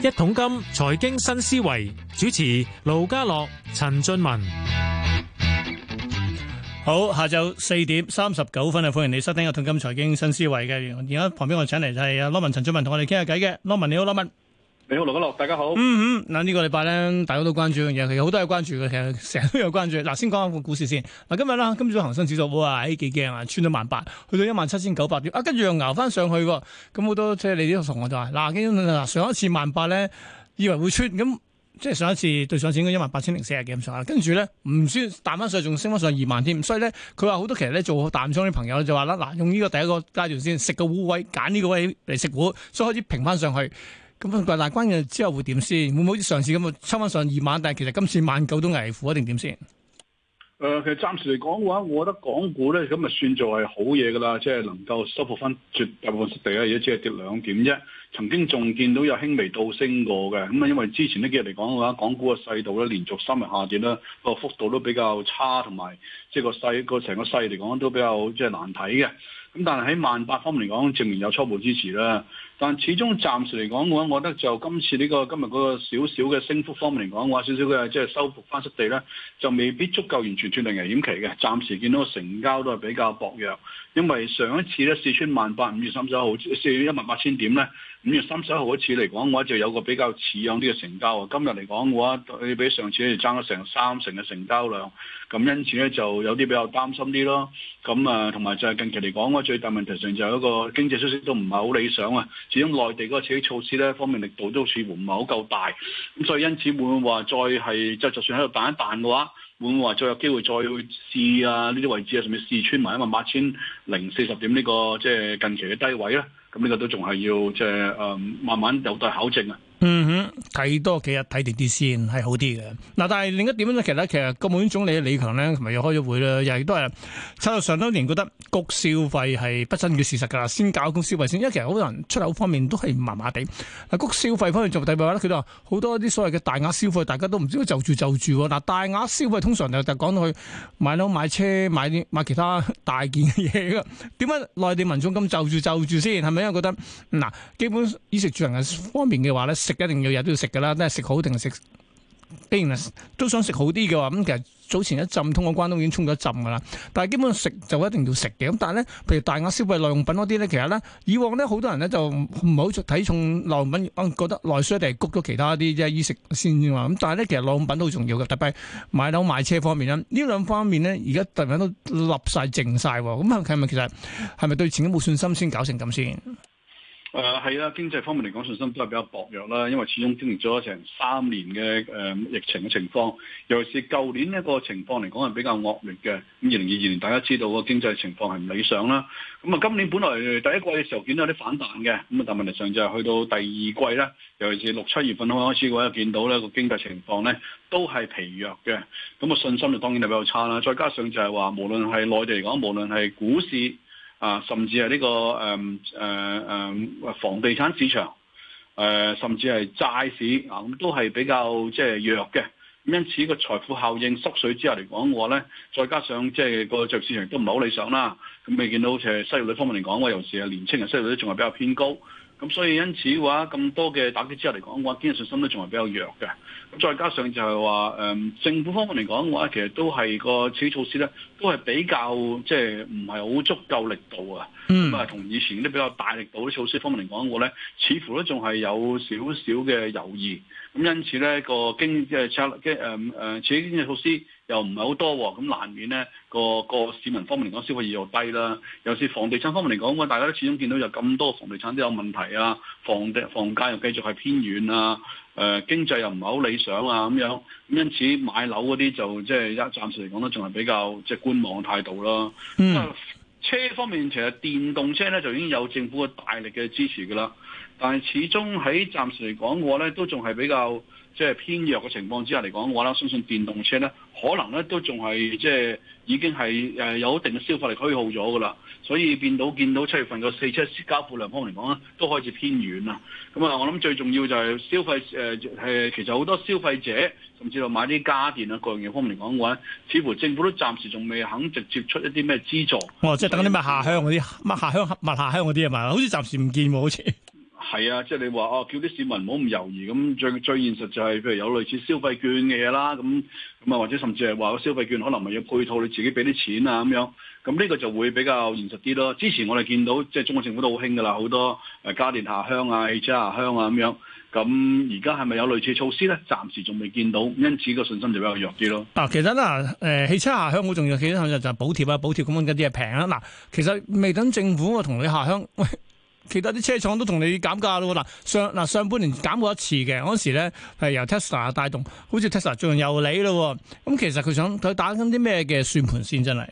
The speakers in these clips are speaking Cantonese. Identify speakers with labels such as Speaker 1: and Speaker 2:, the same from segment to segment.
Speaker 1: 一桶金財經新思維主持盧家樂、陳俊文，好，下晝四點三十九分啊，歡迎你收聽一桶金財經新思維嘅，而家旁邊我請嚟就係阿羅文、陳俊文同我哋傾下偈嘅，羅文你好，羅文。你好，羅家樂，大家好。嗯嗯，嗱、這、呢個禮拜咧，大家都關注一樣嘢，其實好多嘢關注嘅，其實成日都有關注。嗱，先講下個股市先。嗱，今日啦，今朝恒生指數哇，哎，幾驚啊，穿咗萬八，去到一萬七千九百點，啊，跟住又熬翻上去嘅。咁好多即係你呢啲同學就話，嗱，跟住嗱上一次萬八咧，以為會穿，咁、啊、即係上一次對上市嗰一萬八千零四十幾咁上下，跟住咧唔算，彈翻上，仲升翻上二萬添。所以咧，佢話好多其實咧做淡倉啲朋友就話啦，嗱、啊，用呢個第一個階段先食個糊位，揀呢個位嚟食糊，所以開始平翻上去。咁大關嘅之後會點先？會唔會好似上次咁啊，收翻上二萬？但係其實今次萬九都危乎一定點先？
Speaker 2: 誒，其實暫時嚟講嘅話，我覺得港股咧咁啊，算做係好嘢噶啦，即係能夠收復翻絕大部分失地啊，而家只係跌兩點啫。曾經仲見到有輕微倒升過嘅。咁啊，因為之前呢幾日嚟講嘅話，港股嘅勢度咧連續三日下跌啦，個幅度都比較差，同埋即係個勢個成個勢嚟講都比較即係難睇嘅。咁但係喺萬八方面嚟講，證明有初步支持啦。但始終暫時嚟講，我覺得就今次呢、這個今日嗰個少少嘅升幅方面嚟講嘅話，少少嘅即係收復翻失地咧，就未必足夠完全脫離危險期嘅。暫時見到個成交都係比較薄弱，因為上一次咧四川萬八五月三十一號四一萬八千點咧，五月三十一號嗰次嚟講嘅話就有個比較似樣啲嘅成交啊。今日嚟講嘅話，比上次爭咗成三成嘅成交量，咁因此咧就有啲比較擔心啲咯。咁啊，同埋就係近期嚟講嘅話最大問題上就係一個經濟消息都唔係好理想啊。至於內地嗰個刺激措施咧，方面力度都似乎唔係好夠大，咁所以因此會唔會話再係即係就算喺度彈一彈嘅話，會唔會話再有機會再去試啊？呢啲位置啊，甚至試穿埋一萬八千零四十點呢個即係近期嘅低位咧，咁呢個都仲係要即係誒慢慢有待考證啊。
Speaker 1: 嗯哼，睇多幾日睇定啲先係好啲嘅。嗱，但係另一點咧，其實咧，其實國務院總理李強咧，琴日又開咗會啦，又係都係差到上多年，覺得谷消費係不爭嘅事實噶啦。先搞緊消費先，因為其實好多人出口方面都係麻麻地。嗱，谷消費方面做底二句話佢都話好多啲所謂嘅大額消費，大家都唔知都就住就住。嗱，大額消費通常就就講到去買樓、買車、買啲買其他大件嘅嘢噶。點解內地民眾咁就住就住先？係咪因為覺得嗱，基本衣食住行嘅方面嘅話咧？食一定要日都要食噶啦，都係食好定食，都想食好啲嘅話，咁其實早前一浸通過關東已經沖咗一浸噶啦，但係基本上食就一定要食嘅，咁但係咧，譬如大額消費耐用品嗰啲咧，其實咧以往咧好多人咧就唔係好睇重耐用品，覺得耐衰定谷咗其他啲即係衣食先啊，咁但係咧其實耐用品都好重要嘅，特別係買樓買車方面啦，呢兩方面咧而家突然間都立晒靜晒，咁啊係咪其實係咪對前景冇信心先搞成咁先？
Speaker 2: 誒係啦，經濟方面嚟講，信心都係比較薄弱啦。因為始終經歷咗成三年嘅誒、呃、疫情嘅情況，尤其是舊年一個情況嚟講係比較惡劣嘅。咁二零二二年大家知道個經濟情況係唔理想啦。咁、嗯、啊，今年本來第一季嘅時候見到有啲反彈嘅，咁、嗯、啊，但問題上就係去到第二季咧，尤其是六七月份開始嘅話，見到呢個經濟情況咧都係疲弱嘅。咁、嗯、個信心就當然係比較差啦。再加上就係話，無論係內地嚟講，無論係股市。啊，甚至係呢、這個誒誒誒，房地產市場誒、呃，甚至係債市啊，咁都係比較即係、就是、弱嘅。咁因此個財富效應縮水之下嚟講，我咧再加上即係、就是、個就業市場亦都唔係好理想啦，咁未見到即係失業率方面嚟講，我尤其啊年青人失業率都仲係比較偏高。咁所以因此嘅話，咁多嘅打擊之後嚟講嘅話，經濟信心都仲係比較弱嘅。咁再加上就係話，誒、嗯、政府方面嚟講嘅話，其實都係個刺激措施咧，都係比較即係唔係好足夠力度啊。咁啊，同以前啲比較大力度啲措施方面嚟講嘅話咧，似乎咧仲係有少少嘅猶豫。咁因此咧，個經嘅策嘅誒誒刺激經濟措施。又唔係好多喎，咁難免呢個個市民方面嚟講消費意欲低啦。尤其房地產方面嚟講，大家都始終見到有咁多房地產都有問題啊，房地房價又繼續係偏軟啊，誒、呃、經濟又唔係好理想啊咁樣。咁因此買樓嗰啲就即係暫時嚟講都仲係比較即係、就是、觀望嘅態度啦。嗯，車方面其實電動車呢，就已經有政府嘅大力嘅支持噶啦。但係，始終喺暫時嚟講嘅話咧，都仲係比較即係偏弱嘅情況之下嚟講嘅話咧，相信電動車咧可能咧都仲係即係已經係誒有一定嘅消費力虛耗咗㗎啦，所以變到見到七月份個四車交付量方面嚟講咧，都開始偏軟啦。咁啊，我諗最重要就係消費誒誒，其實好多消費者甚至到買啲家電啊各樣嘢方面嚟講嘅話，似乎政府都暫時仲未肯直接出一啲咩資助。
Speaker 1: 哦，即係等啲咩下鄉嗰啲乜下鄉乜下鄉嗰啲係咪？好似暫時唔見喎，好似。
Speaker 2: 係啊，即係你話哦，叫啲市民唔好咁猶豫咁，最最現實就係譬如有類似消費券嘅嘢啦，咁咁啊，或者甚至係話個消費券可能咪要配套你自己俾啲錢啊咁樣，咁呢個就會比較現實啲咯。之前我哋見到即係中國政府都好興㗎啦，好多誒家電下鄉啊、汽車下鄉啊咁樣，咁而家係咪有類似措施咧？暫時仲未見到，因此個信心就比較弱啲咯。嗱，
Speaker 1: 其實嗱誒，汽車下鄉好重要，其實就係補貼啊，補貼咁樣嗰啲係平啊。嗱，其實未等政府我同你下鄉。喂。 其他啲車廠都同你減價咯，嗱，上嗱上半年減過一次嘅，嗰時呢係由 Tesla 帶動，好似 Tesla 最近又嚟咯，咁其實佢想佢打緊啲咩嘅算盤先，真係。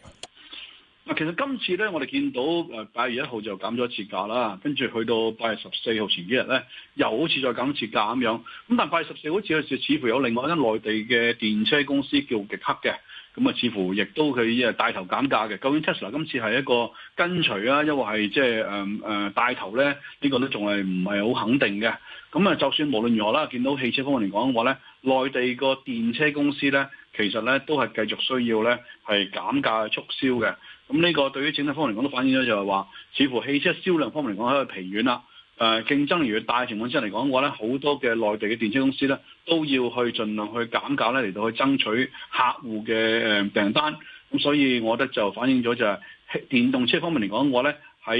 Speaker 2: 嗱，其實今次咧，我哋見到誒八月一號就減咗一次價啦，跟住去到八月十四號前幾日咧，又好似再減一次價咁樣。咁但係八月十四好似好似似乎有另外一間內地嘅電車公司叫極氪嘅，咁啊，似乎亦都佢誒帶頭減價嘅。究竟 Tesla 今次係一個跟隨啦，啊，抑或係即係誒誒帶頭咧，呢、呢個都仲係唔係好肯定嘅。咁啊，就算無論如何啦，見到汽車方面嚟講嘅話咧，內地個電車公司咧，其實咧都係繼續需要咧係減價促銷嘅。咁呢個對於整體方面嚟講，都反映咗就係話，似乎汽車銷量方面嚟講喺度疲軟啦。誒、呃、競爭越嚟越大嘅情況之下嚟講嘅話咧，好多嘅內地嘅電車公司咧，都要去盡量去減價咧，嚟到去爭取客戶嘅誒訂單。咁、嗯、所以，我覺得就反映咗就係、是、電動車方面嚟講嘅話咧，喺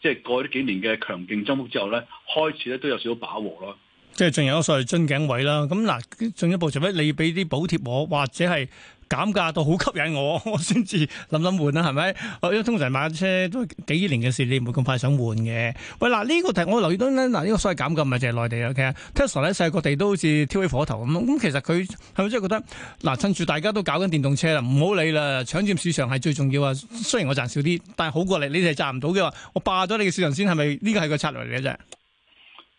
Speaker 2: 即係過咗幾年嘅強勁增幅之後咧，開始咧都有少少把握咯。
Speaker 1: 即係仲有個所謂樽頸位啦。咁嗱，進一步，除非你俾啲補貼我，或者係。減價到好吸引我， 我先至諗諗換啦，係咪？因為通常買車都幾年嘅事，你唔會咁快想換嘅。喂，嗱、這、呢個題我留意到咧，嗱、這、呢個所謂減價咪就係內地啊，Tesla 咧世界各地都好似挑起火頭咁。咁、嗯、其實佢係咪真係覺得嗱、啊，趁住大家都搞緊電動車啦，唔好理啦，搶佔市場係最重要啊。雖然我賺少啲，但係好過你，你哋係賺唔到嘅話，我霸咗你嘅市場先係咪？呢個係個策略嚟嘅啫。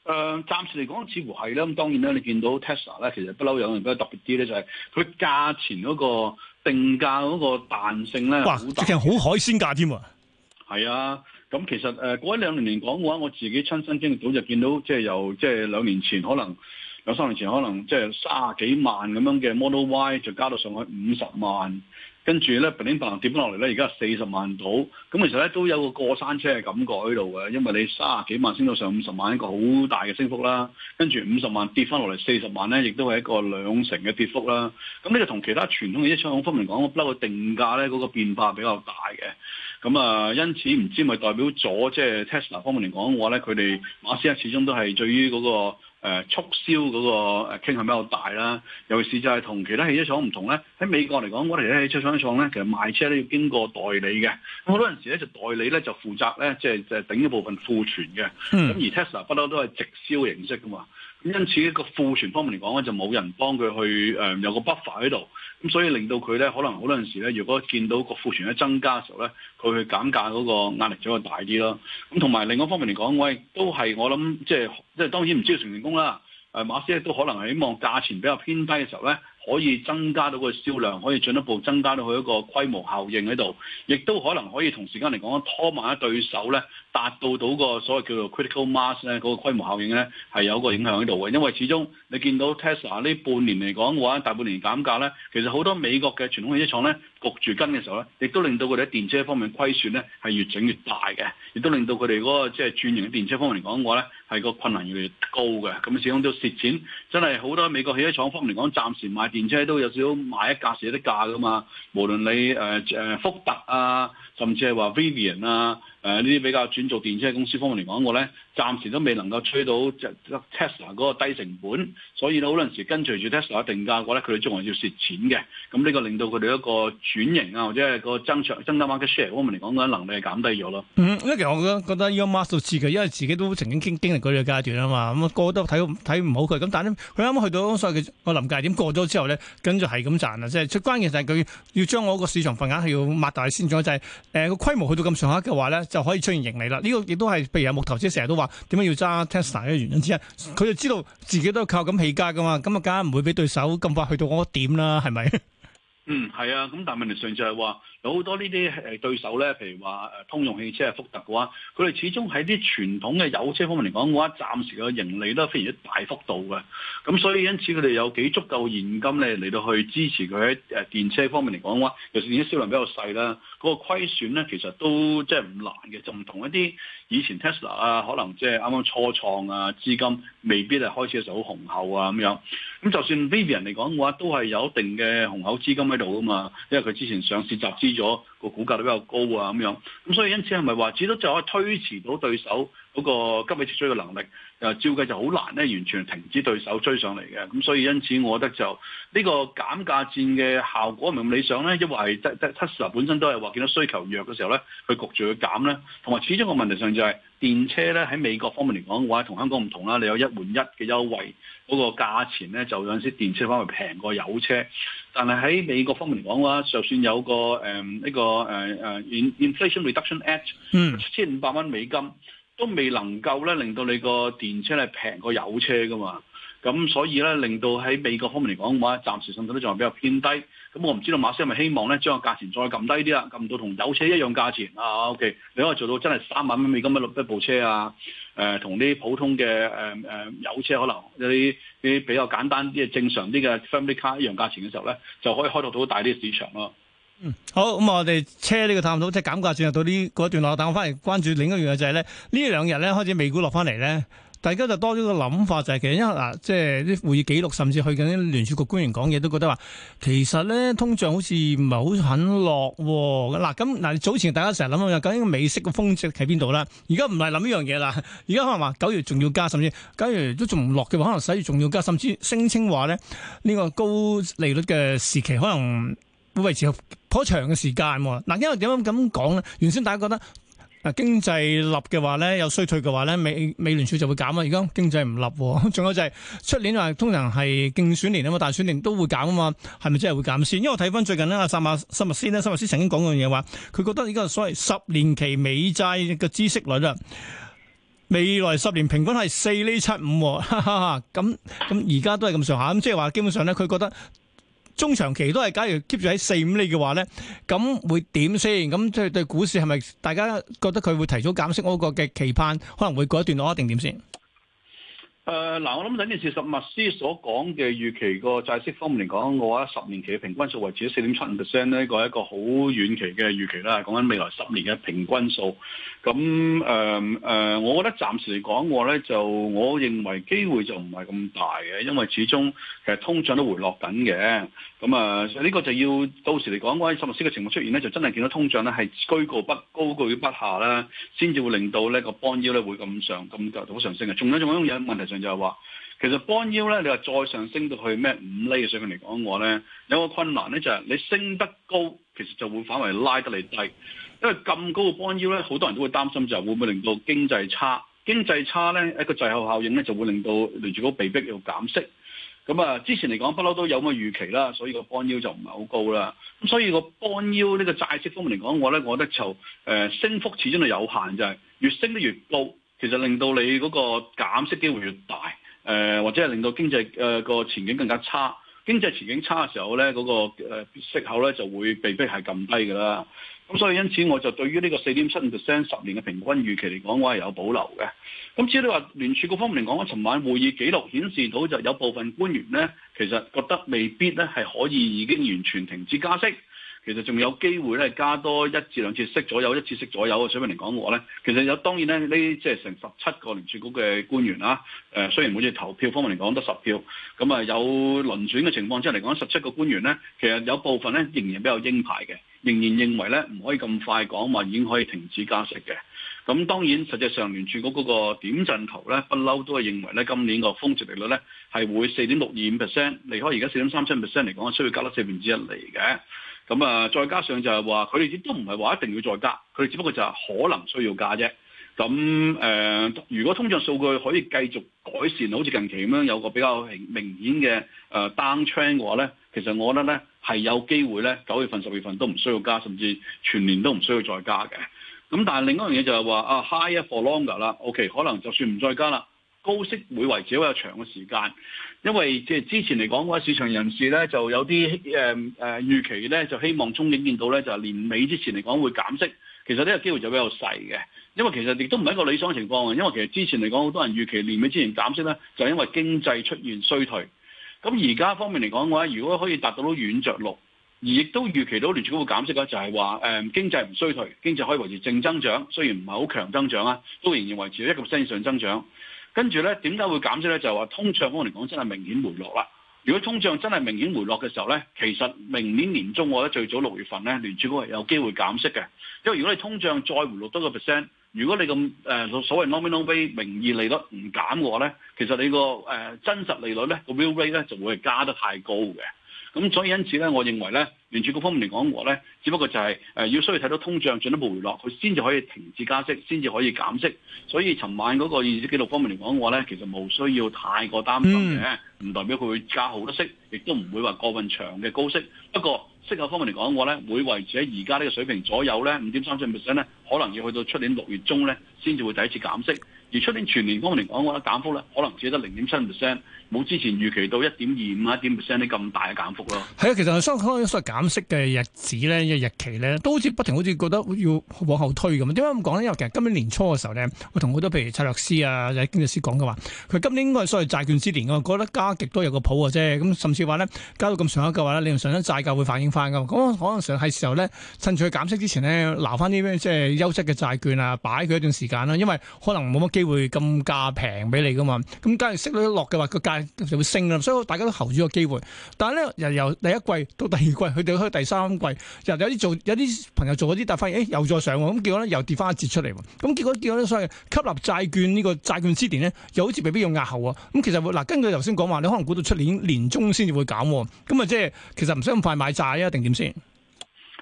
Speaker 2: 誒、呃、暫時嚟講似乎係啦，咁當然啦，你見到 Tesla 咧，其實不嬲有人比較特別啲咧，就係佢價錢嗰個定價嗰個彈性咧，哇嘩，好大，其實
Speaker 1: 好海鮮價添啊！
Speaker 2: 係啊，咁其實誒過一兩年嚟講嘅話，我自己親身經歷到就見到就，即、就、係、是、由即係、就是、兩年前可能兩三年前可能即係卅幾萬咁樣嘅 Model Y 就加到上去五十萬。跟住咧，平頂白銀跌翻落嚟咧，而家係四十萬到，咁其實咧都有個過山車嘅感覺喺度嘅，因為你卅幾萬升到上五十萬，一個好大嘅升幅啦，跟住五十萬跌翻落嚟四十萬咧，亦都係一個兩成嘅跌幅啦，咁、這、呢個同其他傳統嘅一槍股方面講，我不嬲個定價咧嗰個變化係比較大嘅。咁啊，因此唔知咪代表咗即係 Tesla 方面嚟講嘅話咧，佢哋馬斯克始終都係對於嗰個、呃、促銷嗰個傾向比較大啦。尤其是就係同其他汽車廠唔同咧，喺美國嚟講，我哋咧汽車廠咧，其實賣車咧要經過代理嘅。咁好多陣時咧，就代理咧就負責咧，即係即係頂一部分庫存嘅。咁而 Tesla 不嬲都係直銷形式噶嘛。因此個庫存方面嚟講咧，就冇人幫佢去誒、呃、有個 buffer 喺度，咁所以令到佢咧可能好多陣時咧，如果見到個庫存一增加嘅時候咧，佢去減價嗰個壓力就會大啲咯。咁同埋另外一方面嚟講，都我亦都係我諗，即係即係當然唔知成唔成功啦。誒、呃、馬斯克都可能係希望價錢比較偏低嘅時候咧。可以增加到個銷量，可以進一步增加到佢一個規模效應喺度，亦都可能可以同時間嚟講拖慢一對手咧，達到到個所謂叫做 critical mass 咧嗰個規模效應咧係有個影響喺度嘅。因為始終你見到 Tesla 呢半年嚟講嘅話，大半年減價咧，其實好多美國嘅傳統汽車廠咧焗住跟嘅時候咧，亦都令到佢哋喺電車方面虧損咧係越整越大嘅，亦都令到佢哋嗰個即係轉型電車方面嚟講嘅話咧。係個困難越嚟越高嘅，咁始終都蝕錢。真係好多美國汽車廠，方面嚟講，暫時賣電車都有少少賣一架蝕啲價噶嘛。無論你誒誒、呃、福特啊，甚至係話 Rivian 啊。誒呢啲比較轉做電車嘅公司方面嚟講，我咧暫時都未能夠吹到 Tesla 嗰個低成本，所以咧好多陣時跟隨住 Tesla 定價，我咧佢哋仲係要蝕錢嘅。咁呢個令到佢哋一個轉型啊，或者係個增長、增加 market share 方面嚟講，嗰啲能力係減低咗咯。
Speaker 1: 因為、嗯、其實我覺得覺得 Elon Musk 自因為自己都曾經經歷經歷呢啲階段啊嘛，咁過得睇睇唔好佢，咁但係咧佢啱啱去到所謂嘅個臨界點過咗之後咧，跟住係咁賺啊！即係最關鍵就係佢要將我個市場份額係要擘大先，咗，就係誒個規模去到咁上下嘅話咧。就可以出現盈利啦！呢個亦都係，譬如有木頭姐成日都話點解要揸 Tesla 嘅原因之一，佢就知道自己都靠咁起家噶嘛，咁啊，梗係唔會俾對手咁快去到嗰個點啦，係咪？
Speaker 2: 嗯，係啊，咁但係問題上就係話。好多呢啲誒對手咧，譬如話誒通用汽車啊、福特嘅話，佢哋始終喺啲傳統嘅有車方面嚟講嘅話，暫時嘅盈利都非常之大幅度嘅。咁所以因此佢哋有幾足夠現金咧嚟到去支持佢喺誒電車方面嚟講嘅話，尤其是啲銷量比較細啦，嗰個虧損咧其實都即係唔難嘅，就唔同一啲以前 Tesla 啊，可能即係啱啱初創啊，資金未必係開始嘅時候好雄厚啊咁樣。咁就算 Vivian 嚟講嘅話，都係有一定嘅雄厚資金喺度噶嘛，因為佢之前上市集資。咗個股價都比較高啊，咁樣咁所以因此係咪話，始終就可以推遲到對手嗰個急位撤追嘅能力？誒、呃，照計就好難咧，完全停止對手追上嚟嘅。咁所以因此，我覺得就呢、這個減價戰嘅效果係咪咁理想咧？因為 Tesla 本身都係話見到需求弱嘅時候咧，佢焗住去減咧，同埋始終個問題上就係、是、電車咧喺美國方面嚟講嘅話，同香港唔同啦，你有一換一嘅優惠，嗰個價錢咧就有陣時電車反而平過油車，但係喺美國方面嚟講嘅話，就算有一個誒呢、呃、個誒誒、呃、Inflation Reduction Act，七千五百蚊美金都未能夠咧，令到你個電車係平過油車嘅嘛。咁、嗯、所以咧，令到喺美國方面嚟講嘅話，暫時信頭啲仲係比較偏低。咁、嗯、我唔知道馬斯係咪希望咧，將個價錢再撳低啲啦，撳到同油車一樣價錢啊？OK，你可以做到真係三萬蚊美金嘅一部車啊！誒同啲普通嘅誒誒油車可能有啲啲比較簡單啲嘅正常啲嘅 family car 一樣價錢嘅時候咧，就可以開拓到大啲市場咯。嗯，
Speaker 1: 好，咁、嗯、我哋車呢個探討即係減價轉入到呢一段落，但我翻嚟關注另一樣嘢，就係、是、咧，兩呢兩日咧開始美股落翻嚟咧。大家就多咗個諗法，就係、是、其實因為嗱，即係啲會議記錄，甚至去緊聯儲局官員講嘢，都覺得話其實咧通脹好似唔係好肯落喎。嗱咁嗱，早前大家成日諗到，究竟美息嘅峰值喺邊度啦？而家唔係諗呢樣嘢啦。而家可能話九月仲要加，甚至九月都仲唔落嘅話，可能十月仲要加，甚至聲稱話咧呢、這個高利率嘅時期可能會維持有頗長嘅時間。嗱、啊，因為點樣咁講咧？原先大家覺得。嗱，經濟立嘅話咧，有衰退嘅話咧，美美聯儲就會減啊！而家經濟唔立，仲有就係、是、出年話通常係競選年啊嘛，大選年都會減啊嘛，係咪真係會減先？因為我睇翻最近呢，阿、啊、薩馬薩默斯咧，薩、啊、默斯曾經講過樣嘢話，佢覺得而家所謂十年期美債嘅孳息率啊，未來十年平均係四厘七五，咁咁而家都係咁上下，咁即係話基本上咧，佢覺得。中長期都係，假如 keep 住喺四五厘嘅話呢，咁會點先？咁即係對股市係咪大家覺得佢會提早減息？嗰個嘅期盼可能會過一段落啊？定點先？
Speaker 2: 誒嗱、呃，我諗緊件事，實密斯所講嘅預期個債息方面嚟講，我話十年期嘅平均數維持喺四點七五 percent 咧，呢個係一個好遠期嘅預期啦，講緊未來十年嘅平均數。咁誒誒，我覺得暫時嚟講，我咧就我認為機會就唔係咁大嘅，因為始終其實通脹都回落緊嘅。咁啊，呢個就要到時嚟講，如果實密斯嘅情況出現咧，就真係見到通脹咧係居高不，高居不下啦，先至會令到呢個 bond yield 咧會咁上咁就好上升嘅。仲有仲有一種嘢，問題就。就係話，其實邦腰咧，你話再上升到去咩五厘嘅水平嚟講，我咧有個困難咧，就係、是、你升得高，其實就會反為拉得你低，因為咁高嘅邦腰咧，好多人都會擔心，就會唔會令到經濟差，經濟差咧，一個滯後效應咧，就會令到聯儲局被迫要減息。咁啊，之前嚟講不嬲都有咁嘅預期啦，所以個邦腰就唔係好高啦。咁所以幫個邦腰呢個債息方面嚟講，我咧我覺得就誒、呃、升幅始終係有限，就係、是、越升得越高。其實令到你嗰個減息機會越大，誒、呃、或者係令到經濟誒個前景更加差。經濟前景差嘅時候咧，嗰、那個、呃、息口咧就會被迫係咁低㗎啦。咁所以因此我就對於呢個四點七五 percent 十年嘅平均預期嚟講，我係有保留嘅。咁至於你話聯儲局方面嚟講，我尋晚會議記錄顯示到就有部分官員咧，其實覺得未必咧係可以已經完全停止加息。其實仲有機會咧，加多一至兩次息左右，一次息左右嘅水平嚟講嘅話咧，其實有當然咧，呢即係成十七個聯儲局嘅官員啦、啊，誒、呃，雖然每次投票方面嚟講得十票，咁啊有輪選嘅情況之下嚟講，十七個官員咧，其實有部分咧仍然比較鷹派嘅，仍然認為咧唔可以咁快講話已經可以停止加息嘅。咁當然，實際上聯儲局嗰個點陣圖咧，不嬲都係認為咧今年個峰值利率咧係會四點六二五 percent，離開而家四點三七 percent 嚟講，需要加多四分之一嚟嘅。咁啊，再加上就係話，佢哋亦都唔係話一定要再加，佢哋只不過就係可能需要加啫。咁誒、呃，如果通脹數據可以繼續改善，好似近期咁樣有個比較明顯嘅誒 down trend 嘅話咧，其實我覺得咧係有機會咧，九月份、十月份都唔需要加，甚至全年都唔需要再加嘅。咁但係另一樣嘢就係話啊，high for longer 啦，OK，可能就算唔再加啦。高息會維持比較長嘅時間，因為即係之前嚟講嘅話，市場人士咧就有啲誒誒預期咧，就希望憧憬見到咧就係年尾之前嚟講會減息。其實呢個機會就比較細嘅，因為其實亦都唔係一個理想情況啊。因為其實之前嚟講，好、呃呃、多人預期年尾之前減息咧，就係因為經濟出現衰退。咁而家方面嚟講嘅話，如果可以達到到軟着陸，而亦都預期到聯儲會減息咧，就係話誒經濟唔衰退，經濟可以維持正增長，雖然唔係好強增長啊，都仍然維持一個1%上增長。跟住咧，點解會減息咧？就係話通脹，我嚟講真係明顯回落啦。如果通脹真係明顯回落嘅時候咧，其實明年年中或者最早六月份咧，聯儲局係有機會減息嘅。因為如果你通脹再回落多個 percent，如果你咁誒、呃、所謂 nominal rate 名義利率唔減嘅話咧，其實你個誒、呃、真實利率咧個 real rate 咧就會係加得太高嘅。咁所以因此咧，我認為咧，聯儲局方面嚟講嘅話咧，只不過就係、是、誒、呃、要需要睇到通脹進一步回落，佢先至可以停止加息，先至可以減息。所以尋晚嗰個議息記錄方面嚟講嘅話咧，其實冇需要太過擔心嘅，唔代表佢會加好多息，亦都唔會話過分長嘅高息。不過息口方面嚟講嘅話咧，會維持喺而家呢個水平左右咧，五點三四 percent 咧，可能要去到出年六月中咧，先至會第一次減息。而出年全年方面嚟講，我覺得減幅咧可能只得零點七 percent，冇之前預期到一點二五啊一點 percent 啲咁
Speaker 1: 大嘅減幅咯。係啊，其實所所謂減息嘅日子咧，日期咧都好似不停，好似覺得要往後推咁。點解咁講呢？因為其實今年年初嘅時候咧，我同好多譬如策略師啊、經濟師講嘅話，佢今年應該係所謂債券之年啊，覺得加極都有個譜啊啫。咁甚至話咧，加到咁上一嘅話咧，你用上一債價會反映翻㗎嘛。可能想係時候咧，趁住佢減息之前呢，拿翻啲咩即係優質嘅債券啊，擺佢一段時間啦。因為可能冇乜。機會咁價平俾你噶嘛，咁假如息率一落嘅話，個價就會升啦，所以大家都候住個機會。但係咧，由由第一季到第二季，佢哋去第三季又有啲做有啲朋友做嗰啲，但係發現誒、欸、又再上咁，結果咧又跌翻一截出嚟。咁結果結果咧，所謂吸納債券、這個、債券呢個債券之年咧，又好似被逼要押後啊。咁其實會嗱，根據頭先講話，你可能估到出年年中先至會減咁啊，即係、就是、其實唔使咁快買債啊，定點先？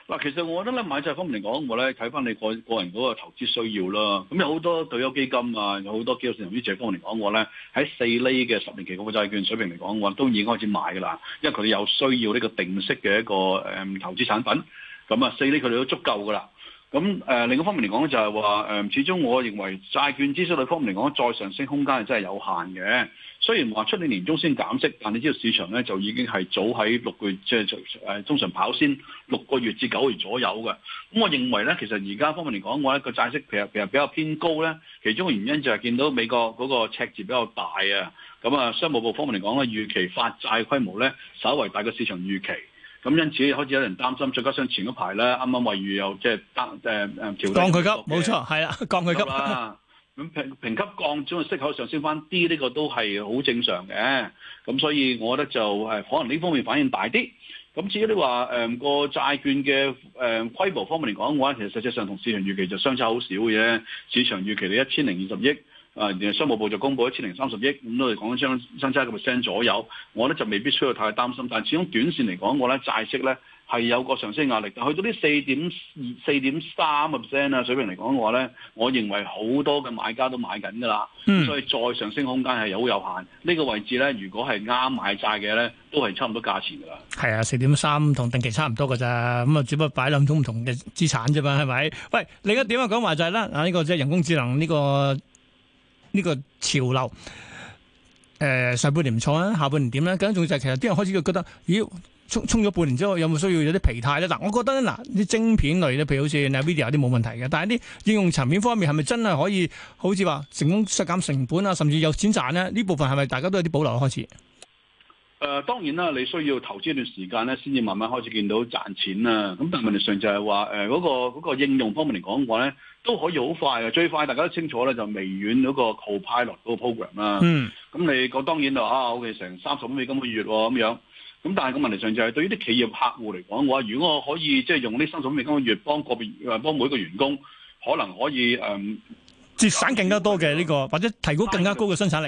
Speaker 2: 嗱，其實我覺得咧，買債方面嚟講，我咧睇翻你個個人嗰個投資需要啦。咁有好多退休基金啊，有好多基礎性投資者方面嚟講，我咧喺四厘嘅十年期嗰個債券水平嚟講，我都已經開始買噶啦，因為佢哋有需要呢個定息嘅一個誒、嗯、投資產品。咁啊，四厘佢哋都足夠噶啦。咁誒、呃、另一方面嚟講咧，就係話誒，始終我認為債券資產類方面嚟講，再上升空間係真係有限嘅。雖然話出年年中先減息，但你知道市場咧就已經係早喺六個月即係誒通常跑先六個月至九個月左右嘅。咁我認為咧，其實而家方面嚟講，我一個債息其實其實比較偏高咧。其中嘅原因就係見到美國嗰個赤字比較大啊。咁啊，商務部方面嚟講咧，預期發債規模咧稍為大過市場預期。咁因此開始有人擔心，再加上前嗰排咧，啱啱惠譽又即係擔，誒誒調低，降佢級，冇錯，係
Speaker 1: 啊錯，降佢級啊。咁
Speaker 2: 評評級降，總係息口上升翻啲，呢個都係好正常嘅。咁所以我覺得就係可能呢方面反應大啲。咁至於你話誒個債券嘅誒規模方面嚟講嘅話，其實實際上同市場預期就相差好少嘅啫。市場預期你一千零二十億。啊，然商務部就公布一千零三十億，咁都係講咗相相差一個 percent 左右。我咧就未必需要太擔心，但係始終短線嚟講，我咧債息咧係有個上升壓力。但去到呢四點二、四點三 percent 啊水平嚟講嘅話咧，我認為好多嘅買家都買緊㗎啦，所以再上升空間係好有限。呢個位置咧，如果係啱買債嘅咧，都係差唔多價
Speaker 1: 錢㗎啦。係啊，四點三同定期差唔多㗎咋，咁啊只不過擺兩種唔同嘅資產啫嘛，係咪？喂，另一點啊，講話就係啦，啊呢個即係人工智能呢個。呢個潮流，誒、呃、上半年唔錯啊，下半年點咧？更重要就係其實啲人開始覺得，咦，衝衝咗半年之後有冇需要有啲疲態咧？嗱，我覺得嗱啲、呃、晶片類咧，譬如好似 NVIDIA 啲冇問題嘅，但係啲應用層面方面係咪真係可以好似話成功削減成本啊，甚至有錢賺咧？呢部分係咪大家都有啲保留開始？
Speaker 2: 誒、呃，當然啦，你需要投資一段時間咧，先至慢慢開始見到賺錢啊。咁但係問題上就係話誒嗰個嗰、嗰個、應用方面嚟講嘅話咧。呢都可以好快嘅，最快大家都清楚咧，就微軟嗰個 copilot 嗰個 program 啦。咁、嗯、你講當然就啊，OK，成三十蚊美金個月咁、哦、樣。咁但係個問題上就係、是、對於啲企業客戶嚟講，嘅話如果我可以即係、就是、用呢三十蚊美金個月幫個別，幫每一個員工，可能可以誒、嗯、
Speaker 1: 節省更加多嘅呢、這個，或者提高更加高嘅生產力。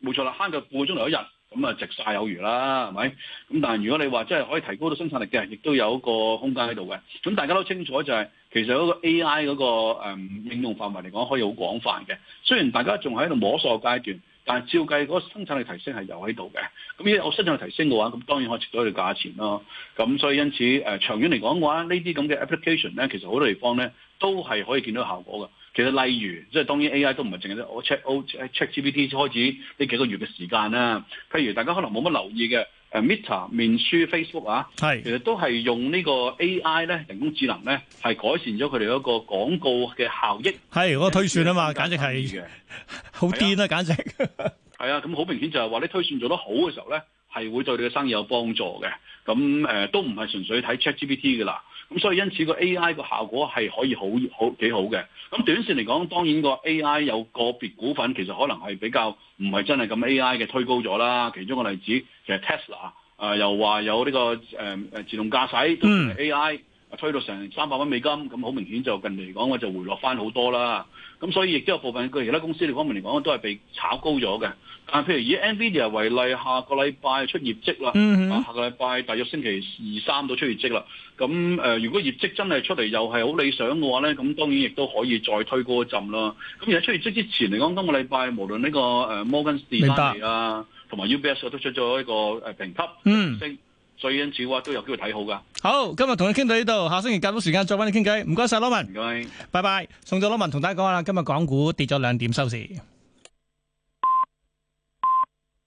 Speaker 2: 冇、這個、錯啦，慳個半個鐘頭一日。咁啊，值晒有餘啦，係咪？咁但係如果你話真係可以提高到生產力嘅，亦都有一個空間喺度嘅。咁大家都清楚就係、是，其實嗰個 AI 嗰、那個誒、嗯、應用範圍嚟講，可以好廣泛嘅。雖然大家仲喺度摸索階段，但係照計嗰生產力提升係有喺度嘅。咁呢我生產力提升嘅話，咁當然可以值到佢價錢咯。咁所以因此誒、呃，長遠嚟講嘅話，呢啲咁嘅 application 咧，其實好多地方咧都係可以見到效果嘅。其實例如，即係當然 AI 都唔係淨係得我 check O check GPT 開始呢幾個月嘅時間啦、啊。譬如大家可能冇乜留意嘅，誒 Meta 面書 Facebook 啊，係是其實都係用呢個 AI 咧人工智能咧，係改善咗佢哋一個廣告嘅效益。
Speaker 1: 係嗰推算啊嘛，簡直係好癲啊！簡直
Speaker 2: 係啊！咁 好明顯就係話你推算做得好嘅時候咧，係會對你嘅生意有幫助嘅。咁誒、呃、都唔係純粹睇 check GPT 嘅啦。咁所以因此個 AI 個效果係可以好好幾好嘅。咁短線嚟講，當然個 AI 有個別股份其實可能係比較唔係真係咁 AI 嘅推高咗啦。其中一個例子，其實 Tesla 啊、呃，又話有呢、這個誒誒、呃、自動駕駛。都算係 AI。推到成三百蚊美金，咁好明顯就近嚟嚟講我就回落翻好多啦。咁所以亦都有部分嘅其他公司嘅方面嚟講，都係被炒高咗嘅。但啊，譬如以 Nvidia 為例，下個禮拜出業績啦，mm hmm. 下個禮拜大約星期二三都出業績啦。咁誒，如果業績真係出嚟又係好理想嘅話咧，咁當然亦都可以再推高一浸啦。咁而家出業績之前嚟講，今個禮拜無論呢個誒摩根士丹利啊，同埋 UBS 都出咗一個誒評級升。Mm hmm. 所以因此話都有機會睇好噶。
Speaker 1: 好，今日同你傾到呢度，下星期夾到時間再揾你傾偈。唔該晒，羅文。唔該謝，拜拜。送咗羅文同大家講下啦，今日港股跌咗兩點收市。